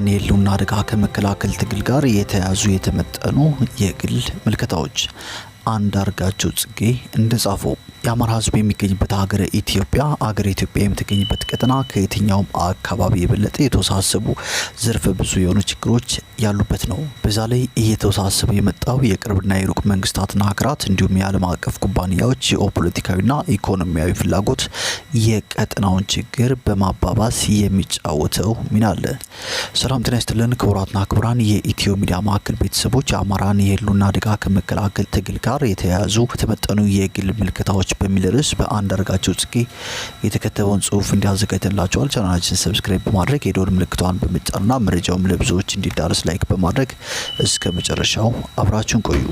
የኢራን የህልውና አደጋ ከመከላከል ትግል ጋር የተያዙ የተመጠኑ የግል ምልከታዎች አንዳርጋቸው ጽጌ እንደጻፉ የአማራ ሕዝብ የሚገኝበት ሀገረ ኢትዮጵያ አገር ኢትዮጵያ የምትገኝበት ቀጠና ከየትኛውም አካባቢ የበለጠ የተወሳሰቡ ዘርፈ ብዙ የሆኑ ችግሮች ያሉበት ነው። በዛ ላይ እየተወሳሰበ የመጣው የቅርብና የሩቅ መንግስታትና ሀገራት እንዲሁም የዓለም አቀፍ ኩባንያዎች ጂኦፖለቲካዊና ኢኮኖሚያዊ ፍላጎት የቀጠናውን ችግር በማባባስ የሚጫወተው ሚና አለ። ሰላም ጤና ይስጥልን ክቡራትና ክቡራን የኢትዮ ሚዲያ ማዕከል ቤተሰቦች የአማራን የህልውና አደጋ ከመከላከል ትግል ጋር ጋር የተያያዙ ከተመጠኑ የግል ምልከታዎች በሚል ርዕስ በአንዳርጋቸው ጽጌ የተከተበውን ጽሁፍ እንዲያዘጋጅላቸዋል። ቻናላችን ሰብስክራይብ በማድረግ የደወል ምልክቷን በመጫንና መረጃውም ለብዙዎች እንዲዳረስ ላይክ በማድረግ እስከ መጨረሻው አብራችን ቆዩ።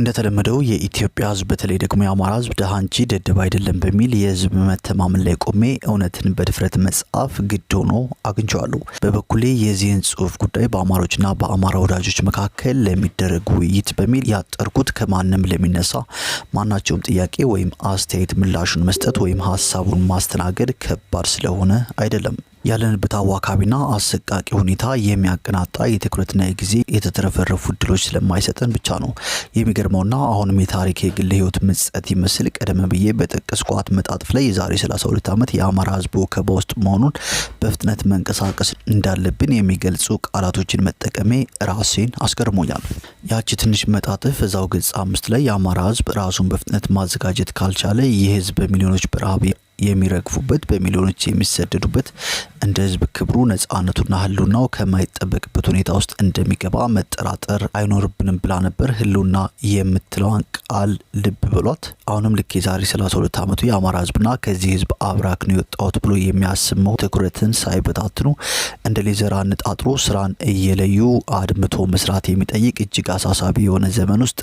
እንደተለመደው የኢትዮጵያ ሕዝብ በተለይ ደግሞ የአማራ ሕዝብ ድሃ እንጂ ደደብ አይደለም በሚል የሕዝብ መተማመን ላይ ቆሜ እውነትን በድፍረት መጽሐፍ ግድ ሆኖ አግኝቼዋለሁ። በበኩሌ የዚህን ጽሁፍ ጉዳይ በአማሮችና በአማራ ወዳጆች መካከል ለሚደረግ ውይይት በሚል ያጠርኩት ከማንም ለሚነሳ ማናቸውም ጥያቄ ወይም አስተያየት ምላሹን መስጠት ወይም ሀሳቡን ማስተናገድ ከባድ ስለሆነ አይደለም። ያለንበት አዋካቢና አሰቃቂ ሁኔታ የሚያቀናጣ የትኩረትና የጊዜ የተተረፈረፉ እድሎች ስለማይሰጠን ብቻ ነው። የሚገርመውና አሁንም የታሪክ የግል ህይወት ምጸት ይመስል ቀደም ብዬ በጠቀስኳት መጣጥፍ ላይ የዛሬ 32 ዓመት የአማራ ህዝብ ወከባ ውስጥ መሆኑን በፍጥነት መንቀሳቀስ እንዳለብን የሚገልጹ ቃላቶችን መጠቀሜ ራሴን አስገርሞኛል። ያቺ ትንሽ መጣጥፍ እዛው ገጽ አምስት ላይ የአማራ ህዝብ ራሱን በፍጥነት ማዘጋጀት ካልቻለ ይህ ህዝብ በሚሊዮኖች በረሃብ የሚረግፉበት በሚሊዮኖች የሚሰደዱበት እንደ ህዝብ ክብሩ ነጻነቱና ህልውናው ከማይጠበቅበት ሁኔታ ውስጥ እንደሚገባ መጠራጠር አይኖርብንም ብላ ነበር። ህልውና የምትለዋን ቃል ልብ ብሏት። አሁንም ልክ የዛሬ 32 ዓመቱ የአማራ ህዝብና ከዚህ ህዝብ አብራክ ነው የወጣሁት ብሎ የሚያስመው ትኩረትን ሳይበታትኑ እንደ ሌዘር አነጣጥሮ ስራን እየለዩ አድምቶ መስራት የሚጠይቅ እጅግ አሳሳቢ የሆነ ዘመን ውስጥ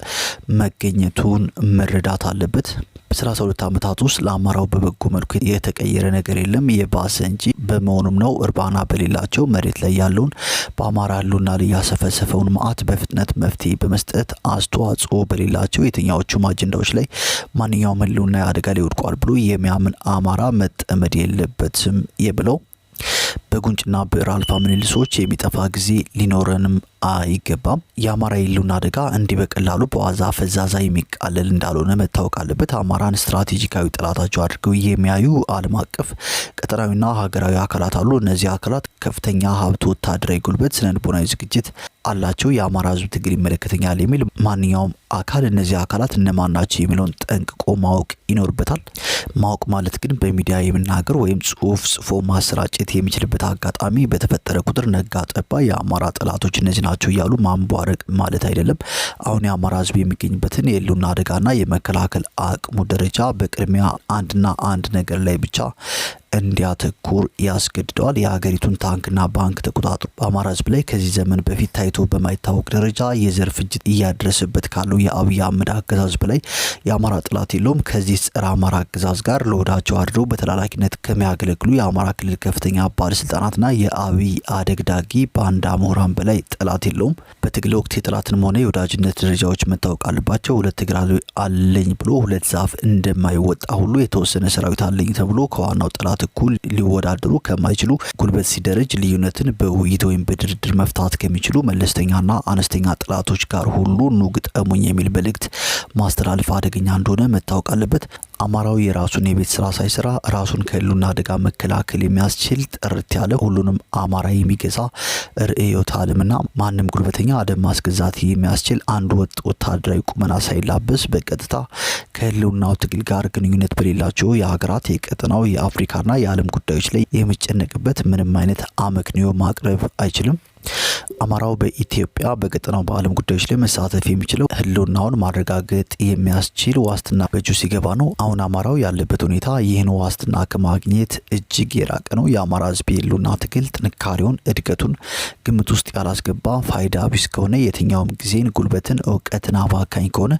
መገኘቱን መረዳት አለበት። በሰላሳ ሁለት ዓመታት ውስጥ ለአማራው በበጎ መልኩ የተቀየረ ነገር የለም የባሰ እንጂ። በመሆኑም ነው እርባና በሌላቸው መሬት ላይ ያለውን በአማራ ህልውና ላይ ያሰፈሰፈውን መዓት በፍጥነት መፍትሄ በመስጠት አስተዋጽኦ በሌላቸው የትኛዎቹም አጀንዳዎች ላይ ማንኛውም ህልውና አደጋ ላይ ወድቋል ብሎ የሚያምን አማራ መጠመድ የለበትም የብለው በጉንጭና ብዕር አልፋ ምንልሶች የሚጠፋ ጊዜ ሊኖረንም አይገባም። የአማራ የህልውና አደጋ እንዲህ በቀላሉ በዋዛ ፈዛዛ የሚቃለል እንዳልሆነ መታወቅ አለበት። አማራን ስትራቴጂካዊ ጠላታቸው አድርገው የሚያዩ ዓለም አቀፍ ቀጠናዊና ሀገራዊ አካላት አሉ። እነዚህ አካላት ከፍተኛ ሀብት፣ ወታደራዊ ጉልበት፣ ልቦናዊ ዝግጅት አላቸው። የአማራ ህዝብ ትግል ይመለከተኛል የሚል ማንኛውም አካል እነዚህ አካላት እነማን ናቸው የሚለውን ጠንቅቆ ማወቅ ይኖርበታል። ማወቅ ማለት ግን በሚዲያ የምናገር ወይም ጽሁፍ ጽፎ ማሰራጨት የሚችልበት አጋጣሚ በተፈጠረ ቁጥር ነጋ ጠባ የአማራ ጠላቶች እነዚህ ናቸው ናቸው እያሉ ማንቧረቅ ማለት አይደለም። አሁን የአማራ ህዝብ የሚገኝበትን የህልውና አደጋና የመከላከል አቅሙ ደረጃ በቅድሚያ አንድና አንድ ነገር ላይ ብቻ እንዲያተኩር ያስገድደዋል። የሀገሪቱን ታንክና ባንክ ተቆጣጥሮ በአማራ ህዝብ ላይ ከዚህ ዘመን በፊት ታይቶ በማይታወቅ ደረጃ የዘር ፍጅት እያደረሰበት ካለው የአብይ አህመድ አገዛዝ በላይ የአማራ ጥላት የለውም። ከዚህ ጸረ አማራ አገዛዝ ጋር ለወዳቸው አድረው በተላላኪነት ከሚያገለግሉ የአማራ ክልል ከፍተኛ ባለስልጣናትና የአብይ አደግዳጊ ባንዳ ምሁራን በላይ ጠላት የለውም። በትግል ወቅት የጠላትንም ሆነ የወዳጅነት ደረጃዎች መታወቅ አለባቸው። ሁለት እግር አለኝ ብሎ ሁለት ዛፍ እንደማይወጣ ሁሉ የተወሰነ ሰራዊት አለኝ ተብሎ ከዋናው ጠላት እኩል ሊወዳደሩ ከማይችሉ ጉልበት ሲደረጅ ልዩነትን በውይይት ወይም በድርድር መፍታት ከሚችሉ መለስተኛና አነስተኛ ጥላቶች ጋር ሁሉ ኑግጠሙኝ የሚል መልእክት ማስተላለፍ አደገኛ እንደሆነ መታወቅ አለበት። አማራዊ የራሱን የቤት ስራ ሳይሰራ ራሱን ከህልውና አደጋ መከላከል የሚያስችል ጥርት ያለ ሁሉንም አማራ የሚገዛ ርዕዮተ ዓለምና ማንም ጉልበተኛ አደም ማስገዛት የሚያስችል አንድ ወጥ ወታደራዊ ቁመና ሳይላበስ በቀጥታ ከህልውናው ትግል ጋር ግንኙነት በሌላቸው የሀገራት የቀጠናው የአፍሪካና የዓለም ጉዳዮች ላይ የሚጨነቅበት ምንም አይነት አመክንዮ ማቅረብ አይችልም። አማራው በኢትዮጵያ በቀጠናው በዓለም ጉዳዮች ላይ መሳተፍ የሚችለው ህልውናውን ማረጋገጥ የሚያስችል ዋስትና በእጁ ሲገባ ነው። አሁን አማራው ያለበት ሁኔታ ይህን ዋስትና ከማግኘት እጅግ የራቀ ነው። የአማራ ህዝብ የህልውና ትግል ጥንካሬውን፣ እድገቱን ግምት ውስጥ ያላስገባ ፋይዳ ቢስ ከሆነ የትኛውም ጊዜን፣ ጉልበትን፣ እውቀትን አባካኝ ከሆነ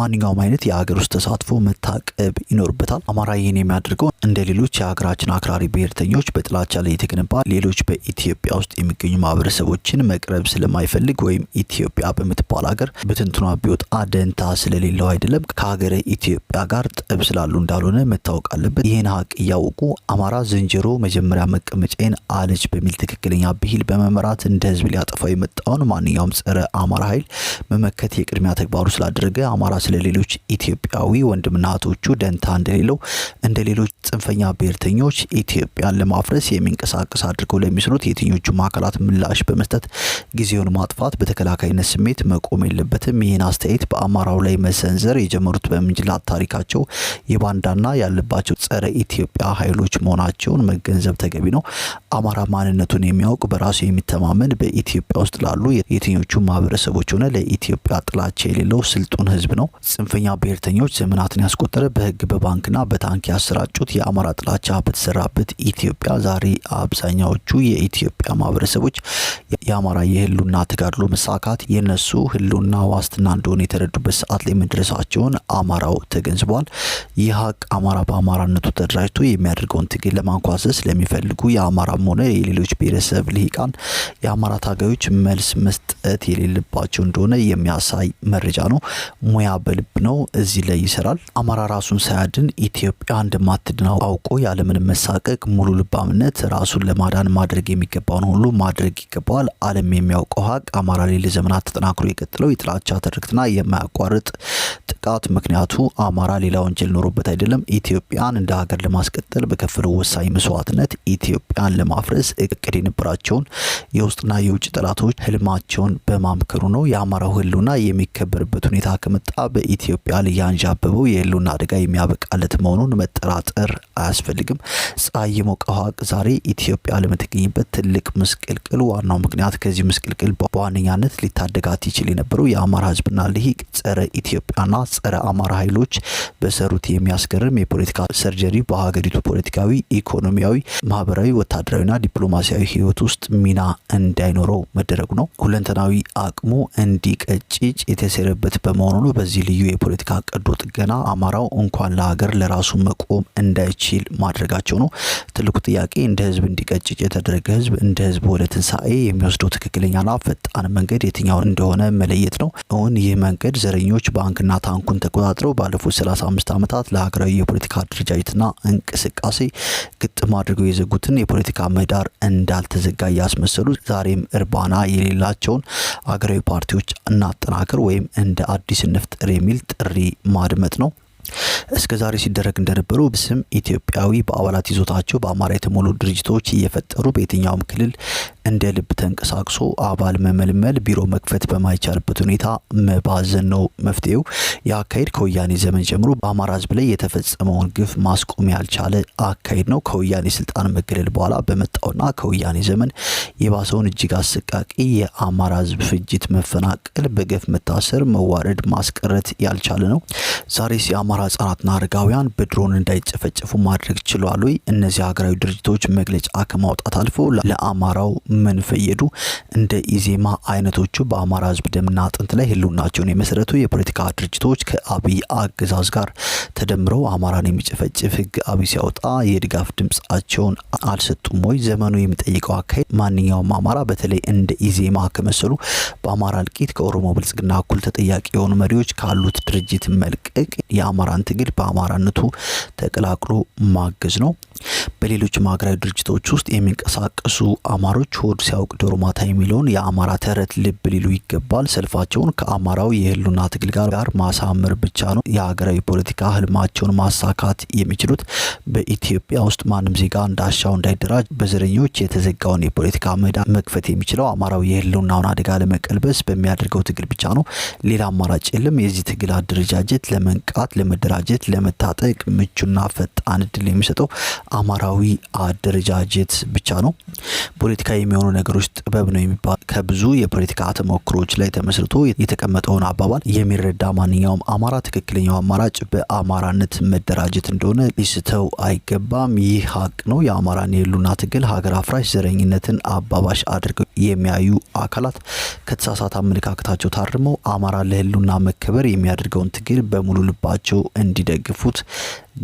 ማንኛውም አይነት የሀገር ውስጥ ተሳትፎ መታቀብ ይኖርበታል። አማራ ይህን የሚያደርገው እንደ ሌሎች የሀገራችን አክራሪ ብሔርተኞች በጥላቻ ላይ የተገነባ ሌሎች በኢትዮጵያ ውስጥ የሚገኙ ማህበረሰቦችን መቅረብ ስለማይፈልግ ወይም ኢትዮጵያ በምትባል ሀገር በትንትኗ ቢወጣ ደንታ ስለሌለው አይደለም ከሀገረ ኢትዮጵያ ጋር ጠብ ስላሉ እንዳልሆነ መታወቅ አለበት። ይህን ሀቅ እያወቁ አማራ ዝንጀሮ መጀመሪያ መቀመጫዬን አለች በሚል ትክክለኛ ብሂል በመመራት እንደ ህዝብ ሊያጠፋው የመጣውን ማንኛውም ጸረ አማራ ኃይል መመከት የቅድሚያ ተግባሩ ስላደረገ አማራ ስለሌሎች ኢትዮጵያዊ ወንድምና እህቶቹ ደንታ እንደሌለው እንደ ሌሎች ጽንፈኛ ብሔርተኞች ኢትዮጵያን ለማፍረስ የሚንቀሳቀስ አድርገው ለሚስሉት የትኞቹም አካላት ምላሽ በመስጠት ጊዜውን ማጥፋት በተከላካይነት ስሜት መቆም የለበትም። ይህን አስተያየት በአማራው ላይ መሰንዘር የጀመሩት በምንጅላት ታሪካቸው የባንዳና ያለባቸው ጸረ ኢትዮጵያ ኃይሎች መሆናቸውን መገንዘብ ተገቢ ነው። አማራ ማንነቱን የሚያውቅ በራሱ የሚተማመን በኢትዮጵያ ውስጥ ላሉ የትኞቹ ማህበረሰቦች ሆነ ለኢትዮጵያ ጥላቻ የሌለው ስልጡን ህዝብ ነው። ጽንፈኛ ብሔርተኞች ዘመናትን ያስቆጠረ በህግ በባንክና በታንክ ያሰራጩት የአማራ ጥላቻ በተሰራበት ኢትዮጵያ ዛሬ አብዛኛዎቹ የኢትዮጵያ ማህበረሰቦች የአማራ ጠንካራ የህሉና ተጋድሎ መሳካት የነሱ ህሉና ዋስትና እንደሆነ የተረዱበት ሰዓት ላይ መድረሳቸውን አማራው ተገንዝቧል። ይህ ሀቅ አማራ በአማራነቱ ተደራጅቶ የሚያደርገውን ትግል ለማንኳሰስ ለሚፈልጉ የአማራም ሆነ የሌሎች ብሔረሰብ ልሂቃን የአማራ ታጋዮች መልስ መስጠት የሌለባቸው እንደሆነ የሚያሳይ መረጃ ነው። ሙያ በልብ ነው፣ እዚህ ላይ ይሰራል። አማራ ራሱን ሳያድን ኢትዮጵያ እንደማትድናው አውቆ ያለምንም መሳቀቅ ሙሉ ልባምነት ራሱን ለማዳን ማድረግ የሚገባውን ሁሉ ማድረግ ይገባዋል። ዓለም የሚያውቀው ሀቅ አማራ ላይ ለዘመናት ተጠናክሮ የቀጥለው የጥላቻ ትርክትና የማያቋርጥ ጥቃት ምክንያቱ አማራ ሌላ ወንጀል ኖሮበት አይደለም። ኢትዮጵያን እንደ ሀገር ለማስቀጠል በከፈለው ወሳኝ መስዋዕትነት ኢትዮጵያን ለማፍረስ እቅድ የነበራቸውን የውስጥና የውጭ ጠላቶች ህልማቸውን በማምከሩ ነው። የአማራው ህልውና የሚከበርበት ሁኔታ ከመጣ በኢትዮጵያ ላይ ያንዣበበው የህልውና አደጋ የሚያበቃለት መሆኑን መጠራጠር አያስፈልግም። ፀሐይ የሞቀው ሀቅ ዛሬ ኢትዮጵያ ለምትገኝበት ትልቅ ምስቅልቅል ዋናው ምክንያት ከዚህ ምስቅልቅል በዋነኛነት ሊታደጋት ይችል የነበረው የአማራ ህዝብና ልሂቅ ጸረ ኢትዮጵያና ጸረ አማራ ኃይሎች በሰሩት የሚያስገርም የፖለቲካ ሰርጀሪ በሀገሪቱ ፖለቲካዊ፣ ኢኮኖሚያዊ፣ ማህበራዊ፣ ወታደራዊና ዲፕሎማሲያዊ ህይወት ውስጥ ሚና እንዳይኖረው መደረጉ ነው። ሁለንተናዊ አቅሙ እንዲቀጭጭ የተሰረበት በመሆኑ ነው። በዚህ ልዩ የፖለቲካ ቀዶ ጥገና አማራው እንኳን ለሀገር ለራሱ መቆም እንዳይችል ማድረጋቸው ነው። ትልቁ ጥያቄ እንደ ህዝብ እንዲቀጭጭ የተደረገ ህዝብ እንደ ህዝብ ወደ ትንሣኤ የሚወስደው ትክክለኛና ፈጣን መንገድ የትኛው እንደሆነ መለየት ነው። እውን ይህ መንገድ ዘረኞች ባንክና ታ ባንኩን ተቆጣጥረው ባለፉት 35 ዓመታት ለሀገራዊ የፖለቲካ አደረጃጀትና እንቅስቃሴ ግጥም አድርገው የዘጉትን የፖለቲካ ምህዳር እንዳልተዘጋ እያስመሰሉ ዛሬም እርባና የሌላቸውን አገራዊ ፓርቲዎች እናጠናክር ወይም እንደ አዲስ እንፍጠር የሚል ጥሪ ማድመጥ ነው። እስከ ዛሬ ሲደረግ እንደነበሩ ብስም ኢትዮጵያዊ በአባላት ይዞታቸው በአማራ የተሞሉ ድርጅቶች እየፈጠሩ በየትኛውም ክልል እንደ ልብ ተንቀሳቅሶ አባል መመልመል፣ ቢሮ መክፈት በማይቻልበት ሁኔታ መባዘን ነው መፍትሄው። የአካሄድ ከወያኔ ዘመን ጀምሮ በአማራ ሕዝብ ላይ የተፈጸመውን ግፍ ማስቆም ያልቻለ አካሄድ ነው። ከወያኔ ስልጣን መገለል በኋላ በመጣውና ከወያኔ ዘመን የባሰውን እጅግ አሰቃቂ የአማራ ሕዝብ ፍጅት፣ መፈናቀል፣ በገፍ መታሰር፣ መዋረድ ማስቀረት ያልቻለ ነው። ዛሬ የአማራ ህጻናት ህጻናትና አረጋውያን በድሮን እንዳይጨፈጨፉ ማድረግ ችሏል ወይ? እነዚህ ሀገራዊ ድርጅቶች መግለጫ ከማውጣት አልፎ ለአማራው መንፈየዱ እንደ ኢዜማ አይነቶቹ በአማራ ህዝብ ደምና አጥንት ላይ ህልውናቸውን የመሰረቱ የፖለቲካ ድርጅቶች ከአብይ አገዛዝ ጋር ተደምረው አማራን የሚጨፈጭፍ ህግ አብይ ሲያወጣ የድጋፍ ድምጻቸውን አልሰጡም ወይ? ዘመኑ የሚጠይቀው አካሄድ ማንኛውም አማራ በተለይ እንደ ኢዜማ ከመሰሉ በአማራ እልቂት ከኦሮሞ ብልጽግና እኩል ተጠያቂ የሆኑ መሪዎች ካሉት ድርጅት መልቀቅ የአማራን ትግል በአማራነቱ ተቀላቅሎ ማገዝ ነው። በሌሎች ማህበራዊ ድርጅቶች ውስጥ የሚንቀሳቀሱ አማሮች ሆድ ሲያውቅ ዶሮ ማታ የሚለውን የአማራ ተረት ልብ ሊሉ ይገባል። ሰልፋቸውን ከአማራው የህሉና ትግል ጋር ማሳመር ብቻ ነው የሀገራዊ ፖለቲካ ህልማቸውን ማሳካት የሚችሉት። በኢትዮጵያ ውስጥ ማንም ዜጋ እንዳሻው እንዳይደራጅ በዘረኞች የተዘጋውን የፖለቲካ ምህዳር መክፈት የሚችለው አማራው የህልውናውን አደጋ ለመቀልበስ በሚያደርገው ትግል ብቻ ነው። ሌላ አማራጭ የለም። የዚህ ትግል አደረጃጀት ለመንቃት፣ ለመደራጀት፣ ለመታጠቅ ምቹና ፈጣን እድል የሚሰጠው አማራ ተግባራዊ አደረጃጀት ብቻ ነው። ፖለቲካ የሚሆኑ ነገሮች ጥበብ ነው የሚባል ከብዙ የፖለቲካ ተሞክሮች ላይ ተመስርቶ የተቀመጠውን አባባል የሚረዳ ማንኛውም አማራ ትክክለኛው አማራጭ በአማራነት መደራጀት እንደሆነ ሊስተው አይገባም። ይህ ሀቅ ነው። የአማራን የህልውና ትግል ሀገር አፍራሽ ዘረኝነትን አባባሽ አድርገው የሚያዩ አካላት ከተሳሳተ አመለካከታቸው ታርመው አማራ ለህሉና መከበር የሚያደርገውን ትግል በሙሉ ልባቸው እንዲደግፉት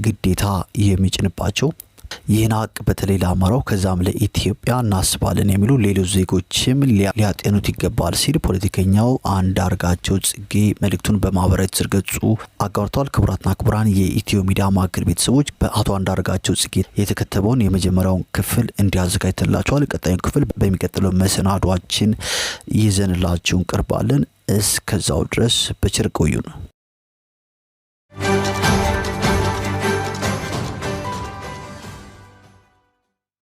ግዴታ የሚጭንባቸው ይህን ሀቅ በተለይ ለአማራው ከዛም ለኢትዮጵያ እናስባለን የሚሉ ሌሎች ዜጎችም ሊያጤኑት ይገባል ሲል ፖለቲከኛው አንዳርጋቸው ጽጌ መልእክቱን በማህበራዊ ትስስር ገጹ አጋርተዋል። ክቡራትና ክቡራን የኢትዮ ሚዲያ ማዕከል ቤተሰቦች በአቶ አንዳርጋቸው ጽጌ የተከተበውን የመጀመሪያውን ክፍል እንዲያዘጋጅተላቸዋል። ቀጣዩን ክፍል በሚቀጥለው መሰናዷችን ይዘንላችሁ እንቀርባለን። እስከዛው ድረስ በቸር